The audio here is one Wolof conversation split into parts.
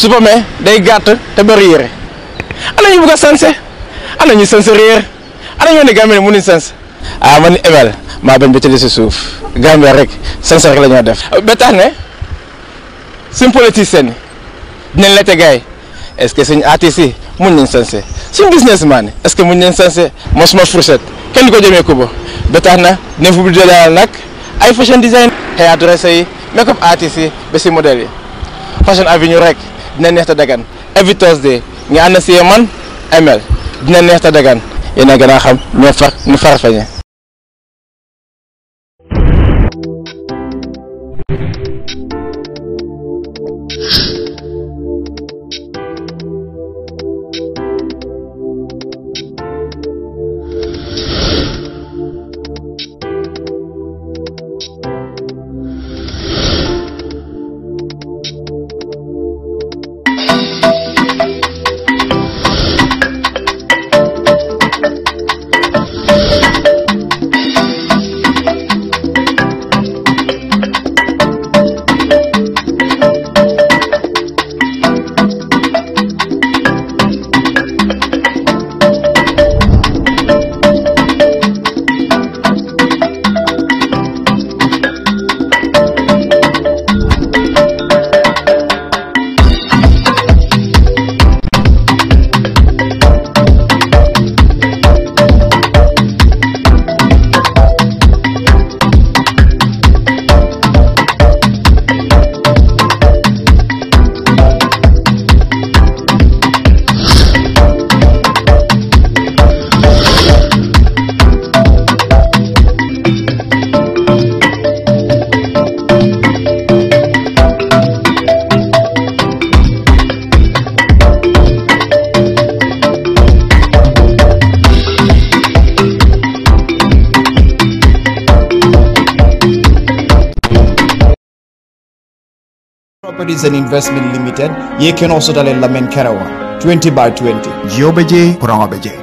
supame day gàtt te bëri yére ana ñu bëgg a sanse ana ñu sanse réer ana ñoo ne Gambie ne mënuñ sanse ah man Emel maa bañ ba ci si suuf Gambie rek sanse rek la def ba tax ne suñ politicien yi dinañ laajte gars yi est-ce que suñ artistes yi mun nañ sanse suñ businessman yi est-ce que mun nañ sanse moo suma fourchette kenn du ko jëmee ko ba tax na dinañ fi budde daal nag ay fashion design hairdresser yi make up artistes yi ba si modèles yi fashion avenue rek dina neex ta dagan every Thursday nga ànd si man ML dina neex ta dagan yéen a gën a xam ñoo far ñu farafeñe and Investment Limited yeken osotale lamen kerewa 20 by 20 jiobe je beje. je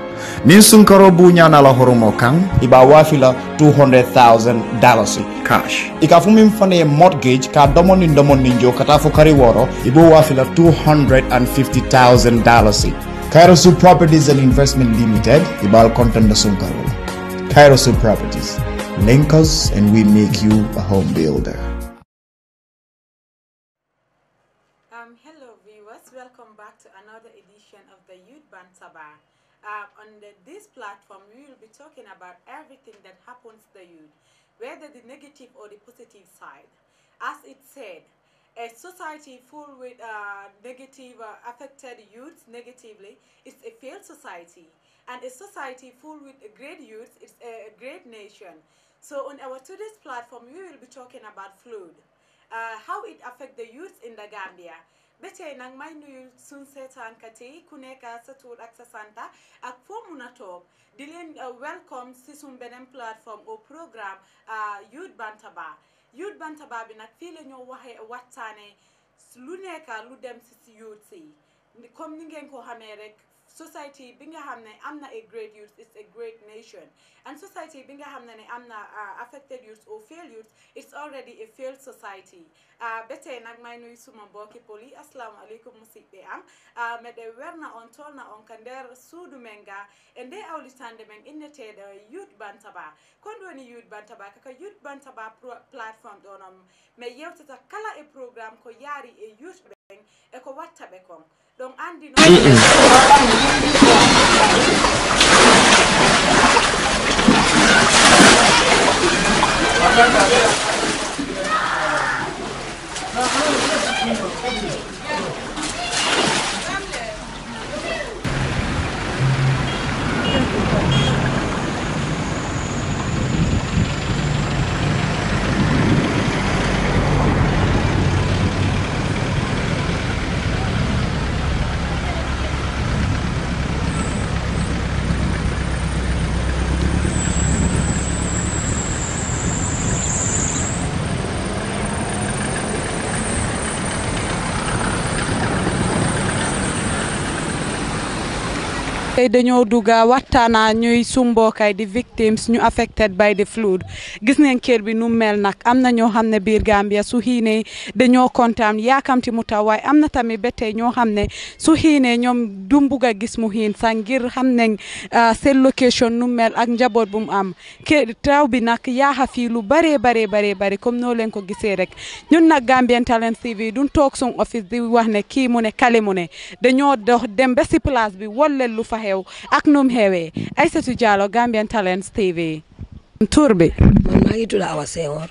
niŋ sunkaro buuñana la horomo kaŋ i be 200000 dollars cash i ka fo ye mortgage ka domoniŋ domoniŋ jo ka taa fo kari 250000 dollars kairosu properties and investment limited Ibal be al contenta kairosu properties link us and we make you a home builder on this platform, we will be talking about everything that happens to the youth, whether the negative or the positive side. As it said, a society full with uh, negative uh, affected youths negatively is a failed society and a society full with great youths is a great nation so on our today's platform we will be talking about flood uh, how it affects the youths in the gambia ba yi nag may nuyu suñ seetaankat yi ku nekk sa tuur ak sa santa ak foo mun a toog di leen uh, welcome si suñ beneen plateforme au programme uh, Youth Bantaba Youth Bantaba bi nag fii la ñoo waxee waxtaanee lu nekk lu dem si si youth yi comme ni ngeen ko xamee rek society bi nga xam am a great youth it's a great nation and society bi nga xam am uh, affected youth or failed youth it's already a failed society uh, be tey nag may suma mbokki poli assalamu alaikum musidɓe am uh, meɗe werna on tolna on ka nder suudu men ga e nde awlitande men inneteɗo youth bantaba kon ɗoni youth bantaba kaka youth bantaba platform donam. Me mi yewtata kala e programme ko yaari e youth ɓen eko watta ɓe kon don't No? tey dañoo dugga waxtaana ñuy sumbookaay di victims ñu affected by the flood gis neen kër bi nu mel nag am na ñoo xam ne biir Gambia su xiinee dañoo kontaan yaakamti mu taw waaye am na tamit ba tey ñoo xam ne su xiinee ñoom du mbugg a gis mu xiin sax ngir xam ne seen location nu mel ak njaboot bu mu am kër taw bi nag yaaxa fii lu bare bare bare bare comme noo leen ko gisee rek ñun nag Gambian Talents TV duñ toog suñ office di wax ne kii mu ne kale mu ne dañoo dox dem ba place bi wol leen xew ak num xewee Aïssatou Diallo Gambian Talents TV. tur man maa ngi tudd Awa Senghor.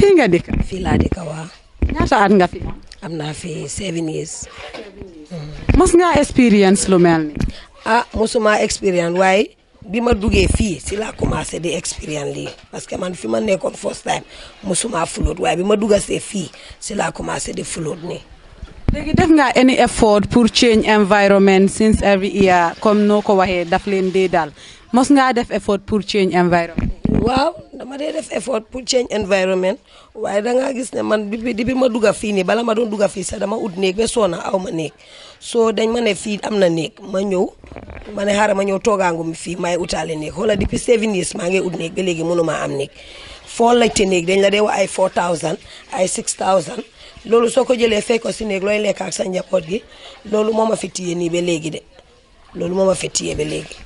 fii nga dëkk. fii laa dëkk waa. ñaata at nga fi. am naa fi seven years. mos nga expérience lu mel ni. ah mosuma expérience waaye bi ma duggee fii si laa commencé di expérience lii parce que man fi ma nekkoon first time mosuma float waaye bi ma duggasee fii si laa commencé di float nii. léegi def nga any effort pour change environment since every year comme noo ko waxee daf leen dee daal mos ngaa def effort pour change environment. waaw dama dee def effort pour change environment waaye da ngaa gis ne man bi bi ma dugg fii nii bala ma doon dugg fii sax dama ut néeg ba soona aw ma néeg soo dañ ma ne fii am na néeg ma ñëw ma ne xaaral ma ñëw toogaangu mi fii maay utaale néeg xoola depuis seven years maa ngi ut néeg ba léegi mënu am néeg foo laajte néeg dañ la dee wax ay 4000 ay 6000. loolu soo ko jëlee fekk ko si néeg looy lekk sa njaboot gi loolu moo ma fi téye nii ba léegi de loolu moom ma fi téye ba léegi.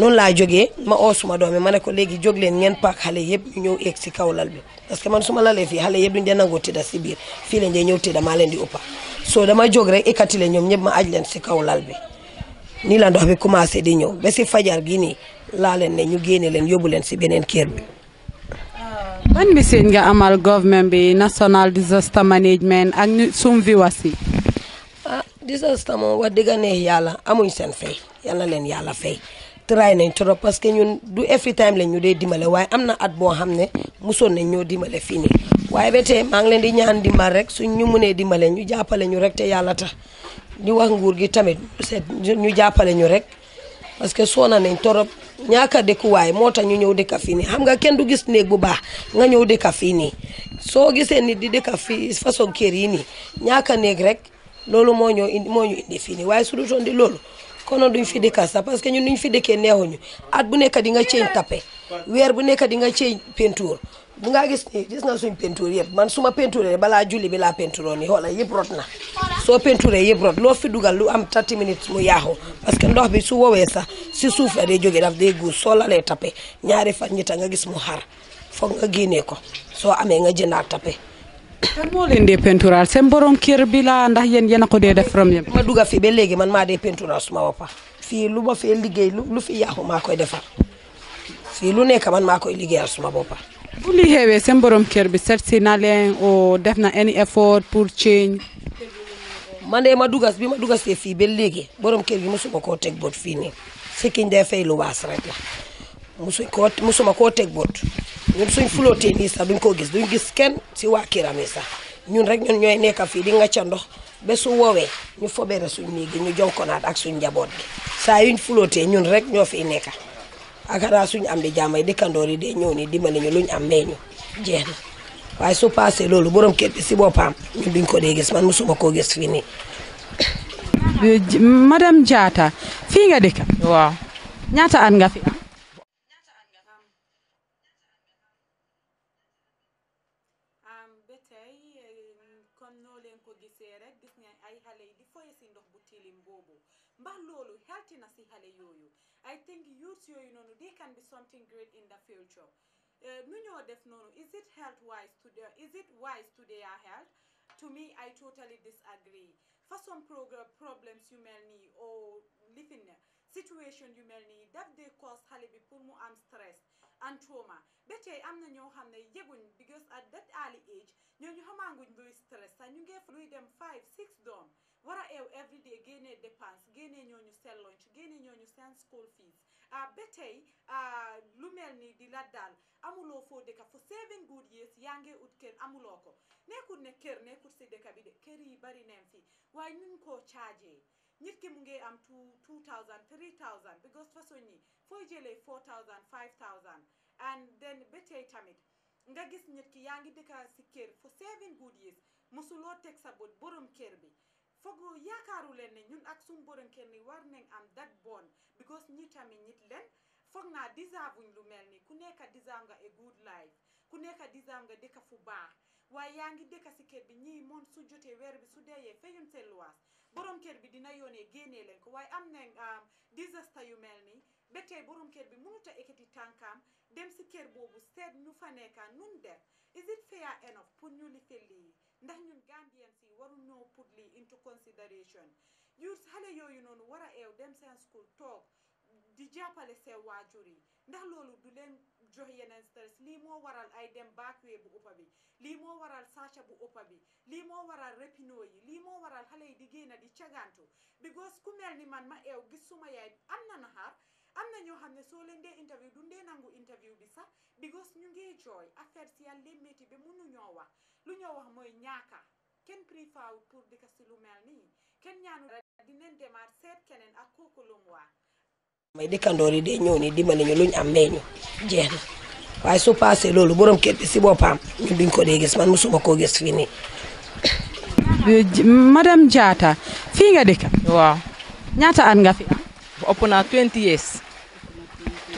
noonu laa jógee ma oo suma doom yi ma ne ko léegi jóg leen ngeen paak xale yëpp ñëw eeg si kaw lal bi parce que man su ma lalee fii xale yëpp duñ dee nangoo tëdda si biir fii lañ dee ñëw tëdda maa leen di uppa soo dama jog rek ikkati ñoom ñëpp ma aj leen si kaw lal bi nii la ndox bi commencé di ñëw ba si fajar gi nii laa leen ne ñu génne leen yóbbu leen si beneen kër bi. man ban message nga amal government bi national disaster management ak ñu sum viewers yi ah disaster moom wax dëgg neex yàlla amuñ seen fay yàlla leen yàlla fay try nañ torop parce que ñun du every time lañ ñu dee dimbale waaye am na at boo xam ne musoon nañ ñoo dimbale fii nii waaye ba tey maa ngi leen di ñaan dimbal rek suñ ñu mënee dimbale ñu jàppale ñu rek yàlla tax di wax nguur gi tamit ñu jàppale ñu rek parce que soona nañ trop nyaka de ku way mota ñu ñew de kafini xam nga kenn du gis neeg bu baax nga ñew de kafini so gisee nit di de kafi façon kër yi ni ñaaka neeg rek loolu moo ñoo indi moo ñu indi fii nii waaye su dutoon di loolu kono duñ fi dikka sax parce que ñun ñu fi dikkee neexuñu at bu nekk di nga cëñ tape weer bu nekk di nga cëñ peinture bu ngaa gis nii gis suñ peinture yëpp man su ma peinturé balaa julli bi laa peinturoo nii a yëpp rot na soo peinturé yëpp rot loo fi dugal lu am 30 minutes mu yaaxu parce que ndox bi su wowee sax si suuf la day jógee daf day guus soo lalee tappe ñaari fan ñitta nga gis mu xar foog nga génnee ko soo amee nga jëndaat tappe kan moo leen dee peinturaal borom kër bi la ndax yéen yéen ko dee def from yéen ma dugga fii léegi man maa dee peinturaal suma boppa fii lu ma fee liggéey lu fi yaaxu maa koy defar fii lu nekk man maa koy liggéeyal suma boppa bu li xewee seen borom kër bi set si na leen def na any effort pour change. man de ma dugas bi ma dugas dugasee fii be léegi borom kër bi mosuma koo teg boot fii nii sikkiñ day fay lu waas rek la mosuñ koo mosuma koo teg boot ñun suñ fulootee nii sax duñ ko gis duñ gis kenn si waa kiiram yi sax ñun rek ñun ñooy nekka fii di nga ca ndox ba su woowee ñu fobeere suñ néegi ñu jonkonaat ak suñ njaboot gi saa yuñ fulootee ñun rek ñoo fiy nekka ak xanaa suñu am di jàmm yi dëkkandoor yi day ñëw ni dimbali ñu luñ am may ñu waaye su paasee loolu borom kër si boppam ñun duñ ko dee gis man musuma koo gis fii nii. madame Jatta fii nga dëkk. waaw ñaata at nga fi am. mbaa loolu xelti na si xale yooyu I think youths yooyu noonu they can be something great in the future eh, nu ñoo def noonu is it health wise to their is it wise to their health to me I totally disagree façon programme problems yu mel nii oo lifin situation yu mel nii daf dee cause xale bi pour mu am stress and trauma ba tey am na ñoo xam ne yëguñ because at that early age ñooñu xamaanguñ luy stress sax ñu ngi luy dem 5 6 doom war a eew everyday génnee dépense génnee ñooñu seen lunch génnee ñooñu seen school fees ah, ba tey ah, lu mel ni di la daal amuloo foo dëkka for seven good years yaa ngi ut kër amuloo ko nekkul ne kër nekkul si dëkka bi de kër yi bari neen fi waaye nun koo chargé nit ki mu ngi am two two thousand three thousand because façon yi foo jëlee four thousand five thousand and then ba tamit nga gis nit ki yaa ngi dëkka si kër for seven good years mosuloo teg sa bët borom ker bi foog yaakaaru leen ne ñun ak suñu borom kenn war nañ am that bond because ñi tamit ñit leen foog naa disaavuñ lu mel ni ku nekka disaab nga a good life ku nekk disaab nga dëkk fu baax waaye yaa ngi dëkk si kër bi ñii moom su jotee weer bi su deeyee feyuñ seen luwaas borom kër bi dina yoonee génnee leen ko waaye am nañ um, disaster yu mel nii ba tey borom kër bi mënut a ekkati tànkaam dem si kër boobu seet ñu fa nekka nun def is it fair enough pour ñu ndax ñun Gambians yi waru ñoo put lii into consideration yu xale yooyu noonu war a eew dem seen school toog di jàppale sew waajur yi ndax loolu du leen jox yeneen stress lii moo waral ay dem baakwee bu uppa bi lii moo waral saaca bu uppa bi lii moo waral repino yi lii moo waral xale yi di génn di cagantu because ku mel ni man ma eew gis suma yaay am na naxaar am na ñoo xam ne soo leen dee interview du ndee nangu interview bi sax because ñu ngee jooy affaire si yàlla leen métti ba mënuñoo wax lu ñoo wax mooy ñaaka kenn prifaaw pour di ko si lu mel nii kenn ñaanu dinañ demaat seet keneen ak kooku lu mu yi dee ñëw ni dimbali ñu luñ am may ñu jeex na waaye su paasee loolu borom kër si boppam ñun duñ ko dee gis man musuma koo gis fii nii madame Jatta fii nga dëkk ñaata at nga fi am ëpp naa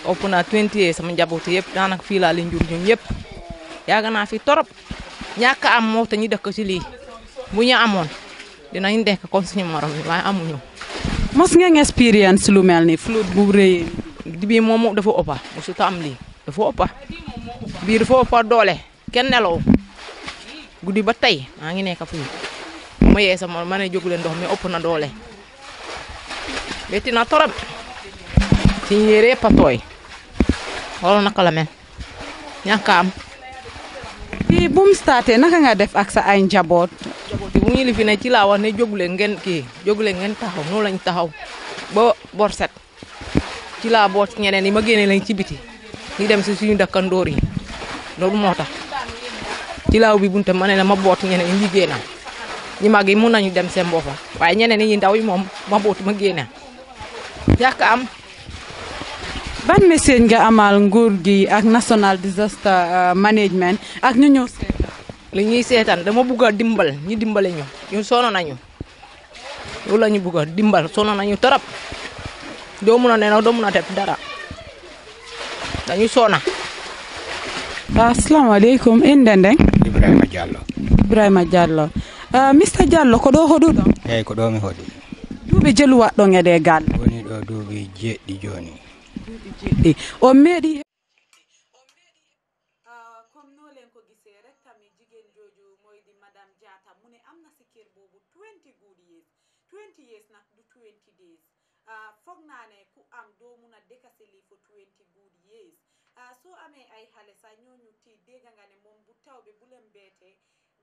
opuna 20 years sama njaboot yëpp daanaka fi la li njur ñun yep yaaga na fi torop ñàkk am mo te ñu dekk ci li bu ñu dina ñu dekk comme suñu morom way amu ñu mos ngeen experience lu melni flood bu di bi moom dafa ëppa ta am li dafa ëppa bi dafa ëppa doole ken nelo gudi ba tay ma ngi nekk fu ma ye sama ma ne jógu ndox mi ëpp na doole métti na torop ci yére xoolal naka la mel ñàkk am. fii bu mu staatee naka nga def ak sa ay njaboot. njaboot yi bu ñu ne ci laa wax ne jóguleen ngeen kii jóguleen ngeen taxaw noonu lañ taxaw ba bor set ci laa boot ñeneen yi ma génne lañ ci biti ñu dem si suñu dëkkandoor yi loolu moo tax ci laaw bi bunte ma ne la ma boot ñeneen ñi liggéey na ñi mag yi mun nañu dem seen waaye ñeneen ñi ndaw yi moom ma boot ma génne ban message nga amal nguur gi ak national disaster euh, management ak ñu ñew li ñuy seetaan dama bëgg dimbal ñi dimbalé ñu ñu sono nañu lu lañu bëgg dimbal sono nañu torop do mu na neenaw do mu na def dara dañu sona assalamu ah, alaykum indende ibrahima jallo ibrahima jallo uh, mr jallo ko do hodu do Eh ko do mi hodi duuɓi jelu waɗɗo ngede gal woni ɗo duuɓi di joni duuɓi eh, jeɗɗi o meeɗi ah, comme nolen ko gisee rek tami jigéen jooju di madame jaata mu ne am na sikkir boobu 20 good years 20 years nag du 20 days ah, foog naa ne ku am doomu na a dëkkasi lii for 20 good years ah, soo amee ay xale sax ñooñu tii nga ne moom bu taw bi bu leen beetee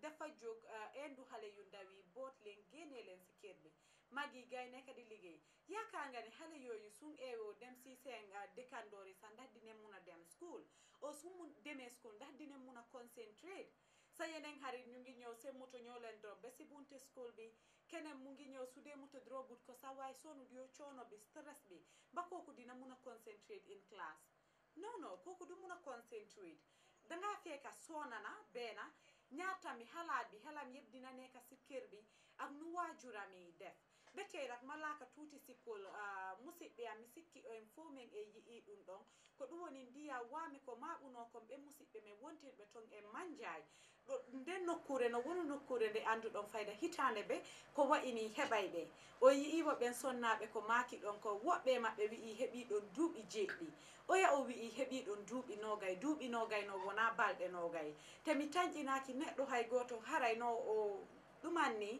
dafa jóg du xale yu ndaw yi boot leen génne leen si kër bi mag yi gay nekk di liggéey yaakaar nga ni xale yooyu suñ eewoo dem si seen dëkkandoor yi sax ndax mun a dem school o su mu demee school ndax dina mun a concentrate sa yeneen xarit ñu ngi ñëw seen moto ñoo leen drop ba si bunte school bi keneen mu ngi ñëw su dee moto drobut ko sax waaye sonut yoo coono bi stress bi ba kooku dina mun a concentrate in class non non kooku du mun a concentrate dangaa fekka soona na benna ñaata mi xalaat bi xelam yëpp dina nekk si kër bi ak nu waa waajuram yi def betey rat malaka tuuti sikkol uh, musidɓe ami sikki en fo min e yii ɗum ɗon ko ɗum woni ndiya wami ko maɓuno kon ɓe musidɓe men wontinɓe ton en manjaye ɗo nden nokkure no wono nokkure nde anduɗon fayda hitande ɓe ko wayini heɓay ɓe o yiiwo ɓen sonnaɓe ko maaki ɗon ko woɓɓe maɓɓe wii heɓi ɗon duuɓi jeɗɗi oya o wii heɓi ɗon duuɓi nogay duuɓi nogay no wona balɗe nogay temi tañƴinaki neɗɗo hay goto harayno o ɗumanni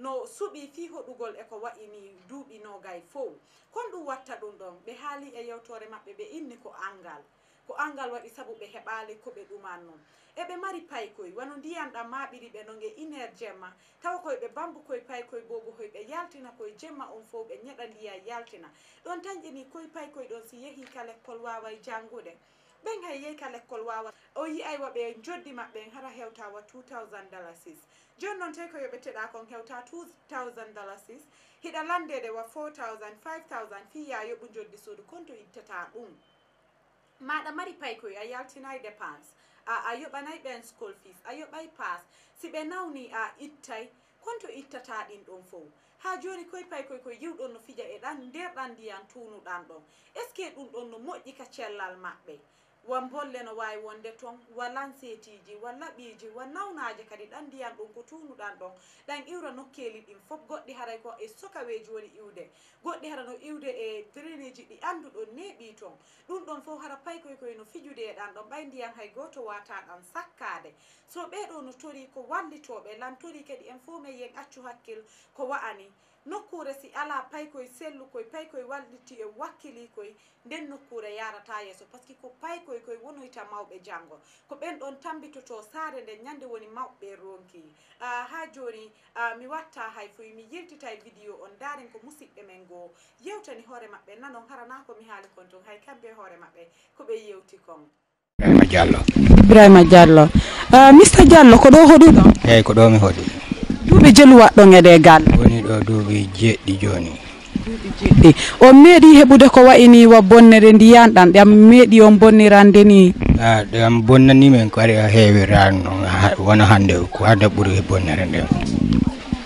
no suɓi fi hoɗugol eko wai ni duuɓi nogay fow kon ɗum watta ɗum ɗon ɓe haali e yewtore maɓɓe ɓe inni ko angal ko angal waɗi saabu ɓe heɓali ko ɓe ɗuman noon eɓe mari paykoye wano ndiyan ɗam maɓiri ɓe noon e uneheure jemma tawa koyeɓe bambu koye paykoye bobo hoyeɓe yaltina koye jemma on fo ɓe ñeɗa ndiya yaltina ɗon tañƴini koye paykoye ɗon si yehi kalekkol wawa janngude ɓen hay yey ka l' école wawa o yi ay waɓe joddi maɓɓe hara hewtawa 2000 dala 6 joni noon tawi ko yoɓe teɗa kon hewta 2000 dala 6 hiɗa landede wa 4000 5000 fiya yoɓu joddi suudu konto ittata ɗum maɗa mari paykoy a yaltinay dépense a a yoɓanay ɓen school fees a yoɓay pass si ɓe nawni a ittay konto ittata ɗin ɗon fo ha joni koye paykoy ko yiwɗon no fija e ɗan nderɗan ndiyan tunuɗan ɗon est ce que ɗum ɗon no moƴƴi ka cellal maɓɓe won bolle no wawi wonde toon walan seetiji walla ɓiiji wa nawnaji kadi ɗan ndiyam ɗum ko tunuɗan ɗon ɗan iwra nokkeli ɗin foof goɗɗi haray ko e sokaweji woni iwde goɗɗi hara no iwde e dreneji ɗi anduɗo neeɓi toon ɗum ɗon fof hara paykoy koye no fijude e ɗan ɗon ɓay ndiyam hay goto wataɗan sakkade so ɓeɗo no tori ko wallitoɓe lantori kadi en fof ma yen accu hakkil ko wa ani nokkure si ala paykoye sellukoye paykoye walliti e wakkili koye nden nokkure yarata yeeso par ce que ko paykoye koye wonoyta mawɓe janggo ko ɓen ɗon tambitoto saare nde ñande woni mawɓe ronki ha joni mi watta hay foye mi yiltita e vidéo on daren ko musidɓe men goo yewtani hoore maɓɓe nanon harana ko mi haali kon ton hay kamɓe e hoore maɓɓe koɓe yewti kon ibrahima diallo ibrahima diallo mr diallo ko ɗo hoɗiɗo eyyi ko ɗo mi hoɗi woni jelu waɗɗon e ɗe woni ya, ɗo duuɓi joni ko wa bonnere ndiyan ɗan ɗam meeɗi on bonnirande ni a ɗam bonnanimen ko ari a heewirani wona hannde ko hannde ɓuuri bonnere nden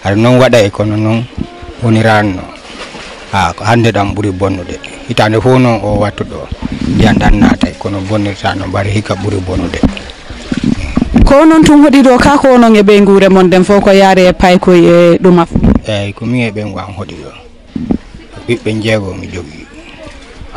aɗa noon waɗa e kono noon wonirani noon a ah, ko hannde ɗam ɓuuri bonnude hitande fof noon o oh, ndiyan naata kono bonnirta no hikka bonnude E ko noon tun hoɗi ɗo ka ko noon e ɓey guure mon nden fof ko yaari e paykoye e ɗuma eyyi ko min e ɓen wan hoɗi ɗo ɓiɓɓe jeego mi jogui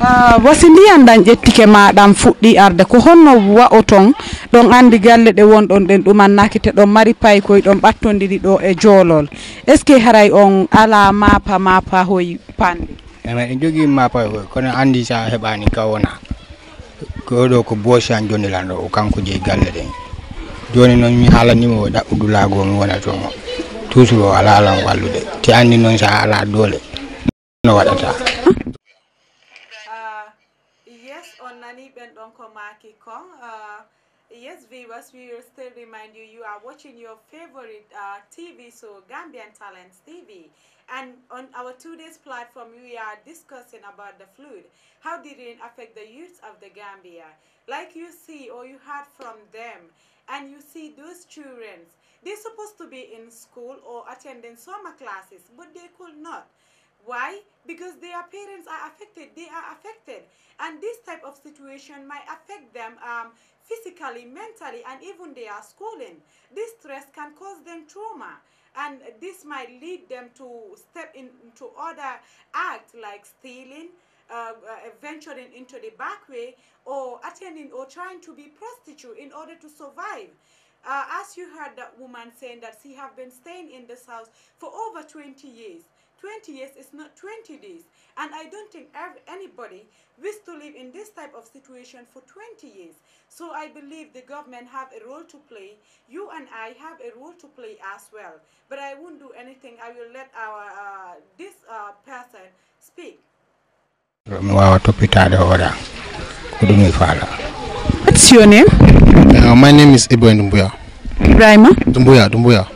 ah, wasi ndiyan ɗan ƴettike maɗan fuɗɗi arde ko honno wa'o ton ɗon andi galle ɗe wonɗon ɗen ɗumannaki te don mari paykoye don ɓattodiri ɗo e joolol est ce que haray on ala mapa mapa hoy panɗe ema en jogui mapa hoy kono andi sa heɓani kawona ko ɗo ko boosi an jonilan ɗo o kanko jeeyi galle ɗen joni mi mi wona ala andi sa ala no uh, yes on nani ben ɗon ko maki uh, yes viewers we will still remind you you are watching your favorite uh, tv so gambian talents tv and on our today's platform we are discussing about the flood how did it affect the youth of the gambia like you see or you heard from them and you see those children, they're supposed to be in school or attending summer classes, but they could not. Why? Because their parents are affected. They are affected. And this type of situation might affect them um, physically, mentally, and even their schooling. This stress can cause them trauma. And this might lead them to step into other acts like stealing, uh, uh, venturing into the back way or attending or trying to be prostitute in order to survive. Uh, as you heard that woman saying that she have been staying in this house for over 20 years 20 years is not 20 days and i don't think every, anybody wish to live in this type of situation for 20 years so i believe the government have a role to play you and i have a role to play as well but i won't do anything i will let our uh, this uh, person speak What's your name? Uh, my name is Ibrahim Dumbuya. Ibrahima? Dumbuya, Dumbuya.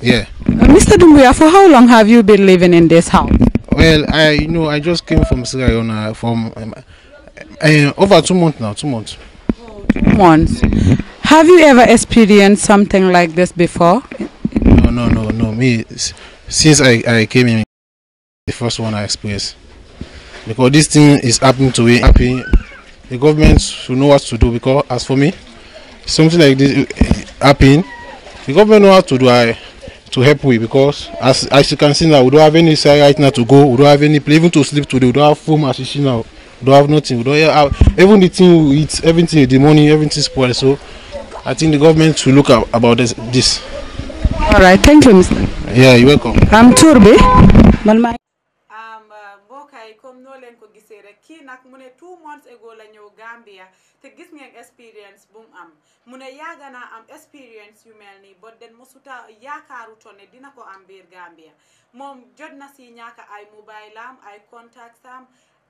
Yeah. Uh, Mr. Dumbuya, for how long have you been living in this house? Well, I you know I just came from Sierra Leone uh, from um, uh, over two months now, two months. Two months. Have you ever experienced something like this before? No, no, no, no. Me, since I, I came in, the first one I experienced. because this thing is happening to me happy the government should know what to do because as for me something like this happen the government know how to do I, to help we. because as as you can see now we don't have any side right now to go we don't have any place even to sleep today we don't have food as you see now we don't have nothing we don't have even the thing we eat everything the money everything spoiled so i think the government should look at, about this, this all right thank you mr yeah you're welcome i'm turbi kii nag mu ne two months ago la ñëw Gambia te gis ngeen expérience bu mu am mu ne yàgg naa am expérience yu mel nii ba den mosuta yaakaaru toon ne dina ko am biir Gambia moom jot na si ñaaka ay mobile am ay contacts am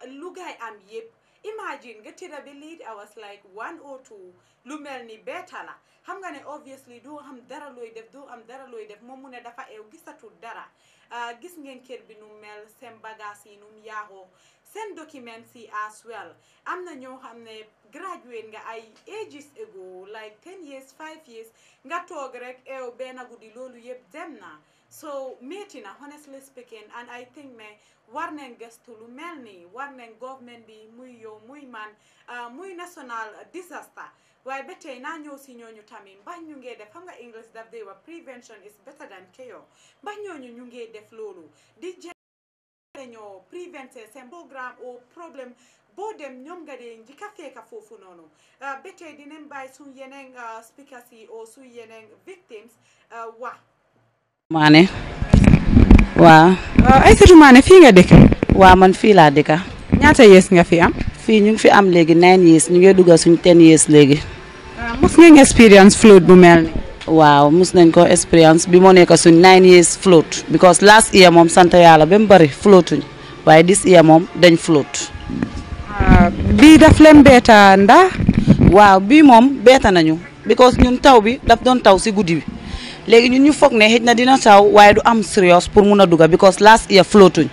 lu gaay am yépp imagine nga tëdda bi lead hours like one or two lu mel ni beeta la xam nga ne obviously doo am dara looy def doo am dara looy def moom mu ne dafa eew gisatul dara ah, gis ngeen kër bi nu mel seen bagage yi nu mu yaaxoo seen documents yi as well am na ñoo xam ne graduate nga ay ages ago like ten years five years nga toog rek eew benn guddi loolu yëpp dem na so métti na honestly speaking and I think ne war nañ gëstu lu mel nii war nañ government bi muy yow muy man ah, muy national disaster waaye ba tey naa ñëw si ñooñu tamit ba ñu ngee def xam nga English daf dee wa prevention is better than cure mbax ñooñu ñu ngee def loolu feñoo prevent seen programme o problème boo dem ñoom nga dee njëkk noonu euh, ba tey dinañ bàyyi suñ yeneen euh, speakers o euh, suñ yeneen victims wa maane waaw fii nga dëkk waaw man fii laa dëkka ñaata yees nga fi am fii ñu ngi fi am léegi nine years ñu ngi dugga suñ ten years léegi mos ngeen experience flood bu mel ni waaw mus nañ ko expérience bi moo nekk suñ nine years float because last year moom sant yàlla ba mu bëri floatuñ waaye this year moom dañ float. Ah, bii daf leen beeta ndax. waaw bii moom beeta nañu because ñun taw bi daf doon taw si guddi bi léegi ñun ñu foog ne xëj na dina taw waaye du am serious pour mun a dugga because last year floatuñ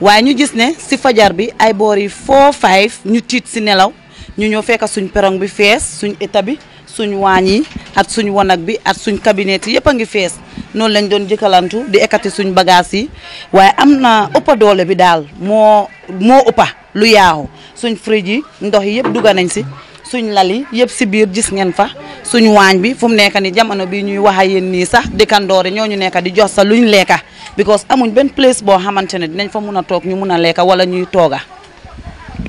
waaye ñu gis ne si fajar bi ay boor yi 4 ñu tiit si nelaw ñu ñëw fekk suñ perong bi fees suñ état bi. suñ waañ yi ak suñ wanag bi at suñ cabinet yi yëpp a ngi fees noonu lañ doon jëkkalantu di ekkati suñ bagage yi waaye am na ëppa doole bi daal moo moo ëppa lu yaaxu suñ fridge yi ndox yëpp dugga nañ si suñ lali yëpp si biir gis ngeen fa suñ waañ bi fu mu nekk ni jamono bi ñuy wax a yéen nii sax dëkkandoore ñoo ñu nekk di jox sa luñ lekka because amuñ ben place boo xamante ne dinañ fa mun a toog ñu mun a lekka wala ñuy tooga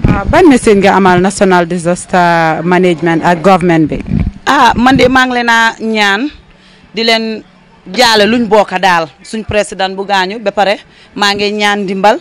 waaw ah, ban message nga amal national disaster management ak government bi. ah man de maa ngi leen a ñaan di leen jaale luñ bokk daal suñ président bu gaañu ba pare maa ngi ñaan dimbal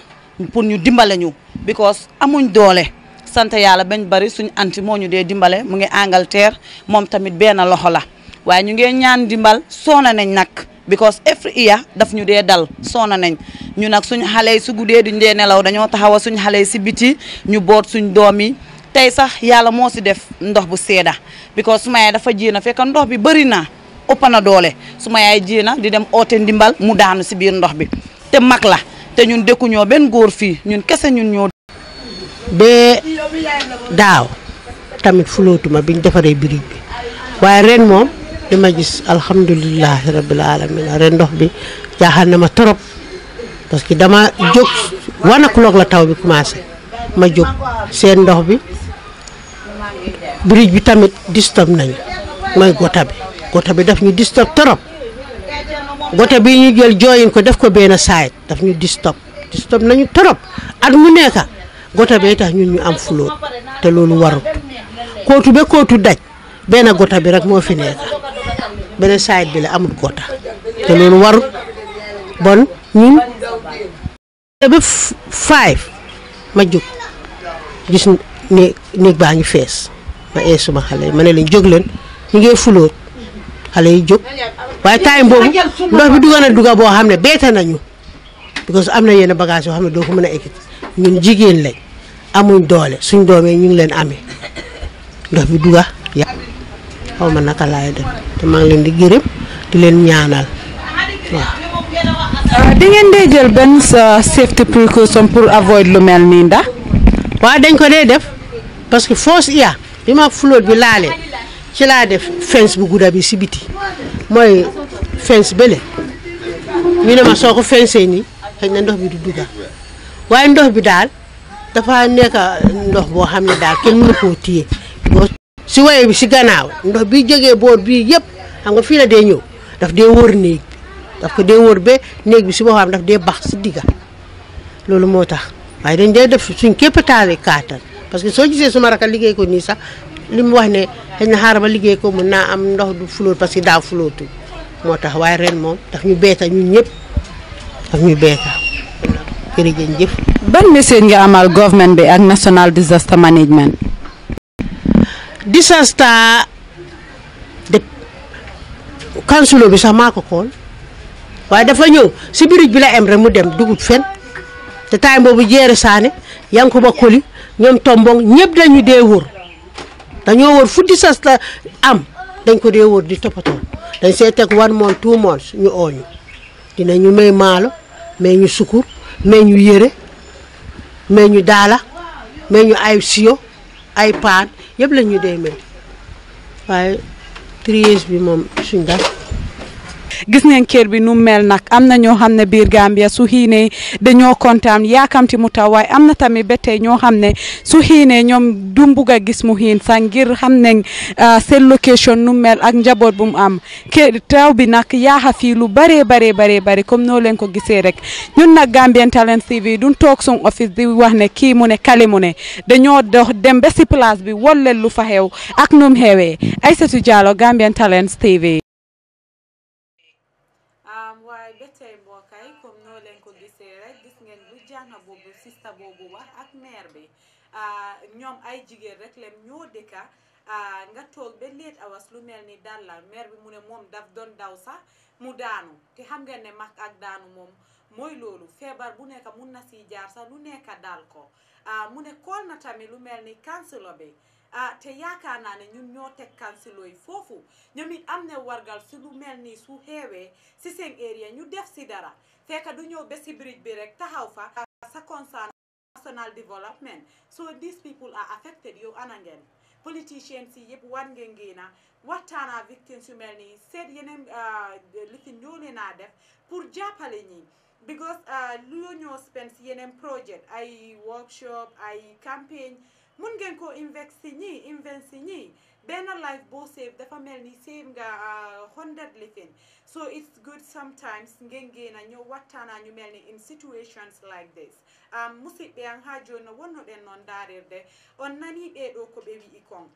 pour ñu dimbale ñu because amuñ doole. sant yàlla bañ bari suñ anti moo ñu dee dimbale mu ngi Angleterre moom tamit benn loxo la. waye ñu ngeen ñaan dimbal soona nañ nak because every year daf ñu dé dal soona nañ ñu nak suñu xalé su gudé duñ dé nelaw dañoo taxaw suñu xalé ci biti ñu boot suñu doomi tay sax yalla mo ci def ndox bu séda because suma yaay dafa jina fekk ndox bi bari na opana doole suma yaay jina di dem oté dimbal mu daanu si biir ndox bi té mak la te ñun ñoo ben goor fi ñun kessé ñun ñoo be daaw tamit fulootuma biñ defaree biir bi waye ren mom di ma gis alhamdulilahi rabil alamina ren ndox bi jaaxal na ma trop parce que dama jóg wan akuloog la taw bi commencé ma jóg seen ndox bi bridge bi tamit disturb nañu mooy gota bi gota bi daf ñu disturb trop gota bi ñu jël jooyin ko def ko benn saayit daf ñu disturb disturb nañu trop at mu nekka gota bee tax ñu ñu am fulóot te loolu warut kootu ba kootu daj benn gota bi rek moo fi nekka beneen saayit bi la amul koota te loolu warut bon ñun ba five ma jóg gis néeg néeg baa ngi fees ma ee suma xale ma ne leen jóg leen ñu ngee fulóot xale yu jóg waaye time boobu ndox bi duga na dugga boo xam ne beeta nañu because am na yenn bagage yoo xam ne doo ko mën a ekkit ñun jigéen lañ amuñ doole suñ doomee ñu ngi leen amee ndox bi duga xawma naka lay def te ma ngi leen di gërëm di leen ñaanal euh, di ngeen dee jël benn sa safety precaution pour avoid lu mel nii ndax. waaw dañ ko dee def parce que force iya bi ma flotte bi laalee ci laa def fence bu gudda bi si biti mooy fence bële ñu ne ma soo ko fencee nii xëy na ndox bi du dugga waaye ndox bi daal dafa nekk ndox boo xam ne daal kenn mënu koo si woye bi si gannaaw ndox bi jógee boor bii yëpp xam nga fii la dee ñëw daf dee wër néeg bi daf ko dee woor ba néeg bi si boppam daf dee bax si digga loolu moo tax waaye dañ dee def suñ képp taale kaatal parce que soo gisee suma rakk liggéey ko nii sax li mu wax ne xëy na xaaral liggéey ko mun naa am du flóot parce que daa flóotu moo tax waaye ren moom daf ñu beeta ñu ñëpp daf ñu beeta jërëjëf ban message nga amal government bi ak national disaster management disaster de councilor bi sax maa ko kool waaye dafa ñëw si birij bi la em rek mu dem dugut fen te time boobu jeere saane yankuba koli ñoom tombong ñëpp dañu dee wër dañoo wër fu disaster am dañ ko dee wër di toppatoo dañ see teg one month two months ñu ooñu dinañu may maalo may ñu sukur may ñu yére may ñu daala may ñu ay siyo ay paan yëpp la ñu dee mel waaye triage bi moom suñ gis ngeen kër bi nu mel nag am na ñoo xam ne biir Gambia su xiinee dañoo kontaan yaakamti mu taw waaye am na tamit ba tey ñoo xam ne su xiinee ñoom du mbug a gis mu xiin sax ngir xam ne ah, seen location nu mel ak njaboot bu mu am kër taw bi nag yaaxa fii lu baree baree baree bare comme no leen ko gisee rek ñun nag Gambian Talents TV duñ toog suñ office di wax ne kii mu ne kale mu ne dañoo dox dem ba si place bi wol leen lu fa xew ak num ay Aïssatou Diallo Gambian Talents TV waaye ba tey mbokkaay comme noo leen ko gisee rek gis ngeen bu jànna boobu sista boobu wax ak mer bi ñoom ay jigéen rek leen ñoo dëkka nga toog ba late hours lu mel ni dallal maire bi mu ne moom daf doon daw sax mu daanu te xam ngeen ne mag ak daanu moom mooy loolu feebar bu nekk mun na si jaar sax lu nekk daal ko mu ne kool na tamit lu mel ni kansilo bi ah te yaakaar naa ne ñun ñoo teg kansilo yi foofu ñoom it am na wargal su lu mel nii su xeewee si seen area ñu def si dara fekk du ñëw ba si bridge bi rek taxaw fa sa concern national development so these people are affected yow ana ngeen politicians yi yëpp war ngeen génna waxtaana victims su mel nii seet yeneen ah, lifi ñoo leen naa def pour jàppale ñi because ah, lu ñoo spend si yeneen projet ay workshop ay campagne mun ngen ko invexi ñi invensi ñi benn life bo save dafa mel ni save nga uh, hundred lifin so it's good sometimes ngen ngeena ñoo wattana ñu mel ni in situations like this um, musidɓe an ha joni no wonnoɗen noon darirde on nani ɓeɗo ko ɓe wi'i kon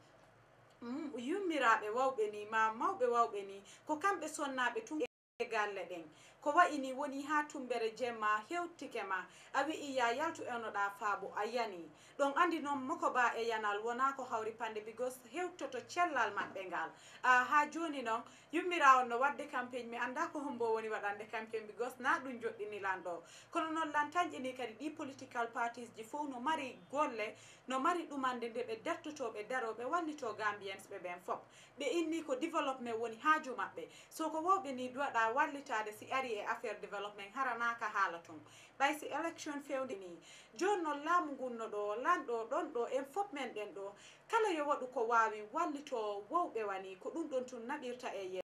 mm, yummiraɓe wawɓe ni ma mawɓe wawɓe ni ko kamɓe sonnaɓe tu e galle ɗen ko wayini woni ha tumbere jemma hewtike ma a wi'i ya yaltu enoɗa faabo a yani ɗon andi noon moko ba e yanal wona ko hawri pande bigos hewtoto cellal maɓɓe ngal ha joni noon yummira on no wadde campagne mi anda ko hombo woni waɗande campagne bigos na ɗum joɗɗinilan ɗo kono noon lantañƴini kadi ɗi political parties ji fo no mari golle no mari ɗumande nde ɓe dattotoɓe daroɓe wallito gambiens ɓe ɓen fop ɓe inni ko développement woni haaju maɓɓe so ko wowɓe ni duwaɗa wallitade si ari e affaire développement haranaka haala toon ɓay si élection fewde ni joni noon laamu ngunno ɗo lanɗo ɗon ɗo en foof men ɗen ɗo kala yo waɗu ko wawi wallito wowɓe wani ko ɗum ɗon tun naɓirta e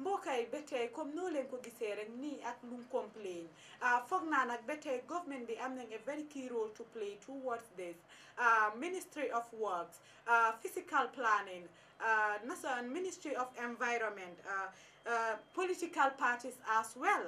mbokkay ba tey comme noo leen ko gisee rek nii ak lu complain ah, foog naa nag ba tey government bi am nañ a very key role to play towards this ah, ministry of works ah, physical planning national ministry of environment political parties as well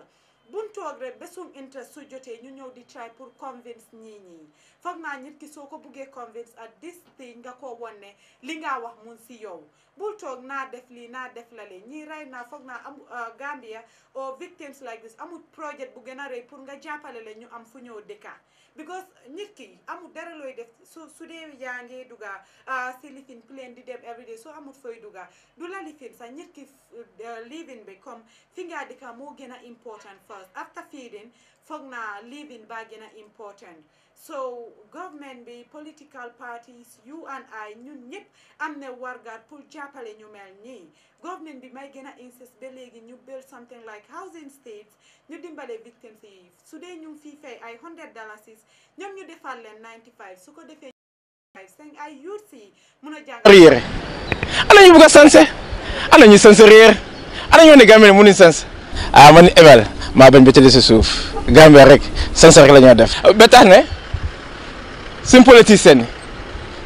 buñ toog rek ba suñ interest su jotee ñu ñëw di try pour convince ñii ñii foog naa nit ki soo ko buggee convince at this thing nga koo won ne li wax mu si yow bul toog naa def lii naa def lale ñii rey naa foog naa am uh, Gambia or victims like this amu projet bu gën a rëy pour nga jàppale leen ñu am fu ñëw dëkka because nit ki amul dara looy def su su dee yaa ngi duga ah, si lifin plein di dem everyday soo amul fooy duga du la lifin sax nit ki eh, living bi comme fi nga dëkka moo gën a important first after feeding foog naa living baa gën a important so government bi political parties you and I ñun ñëpp am ne wargaat pour jàppale ñu mel nii government bi may gën a insist ba léegi ñu build something like housing estates ñu dimbale victims yi su dee ñu fii fay ay hundred dalasis ñoom ñu defal leen ninety five su ko defee seen ay youth yi mun a jàng réer ana ñu bugg a sanse ana ñu sanse réer ana ñoo ne Gambie mënuñ sanse ah man Ebel maa bañ ba tëdd si suuf Gambie rek sanse rek la def ba tax ne suñ politicien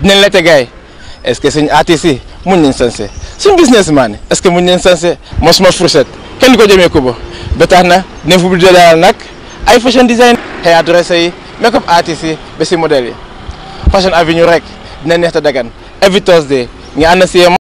dinañ la tegaay est ce que suñ artistes yi mun nañ sansé suñ businessman yi est ce que mun nañ sansé moo suma fourchette kenn du ko jëmee ko ba ba tax na dinañ fa budde daal nag ay fashion design hairdresser yi make up artistes yi ba si modèles yi fashion avenue rek dina neex te dagan every Thursday nga ànd si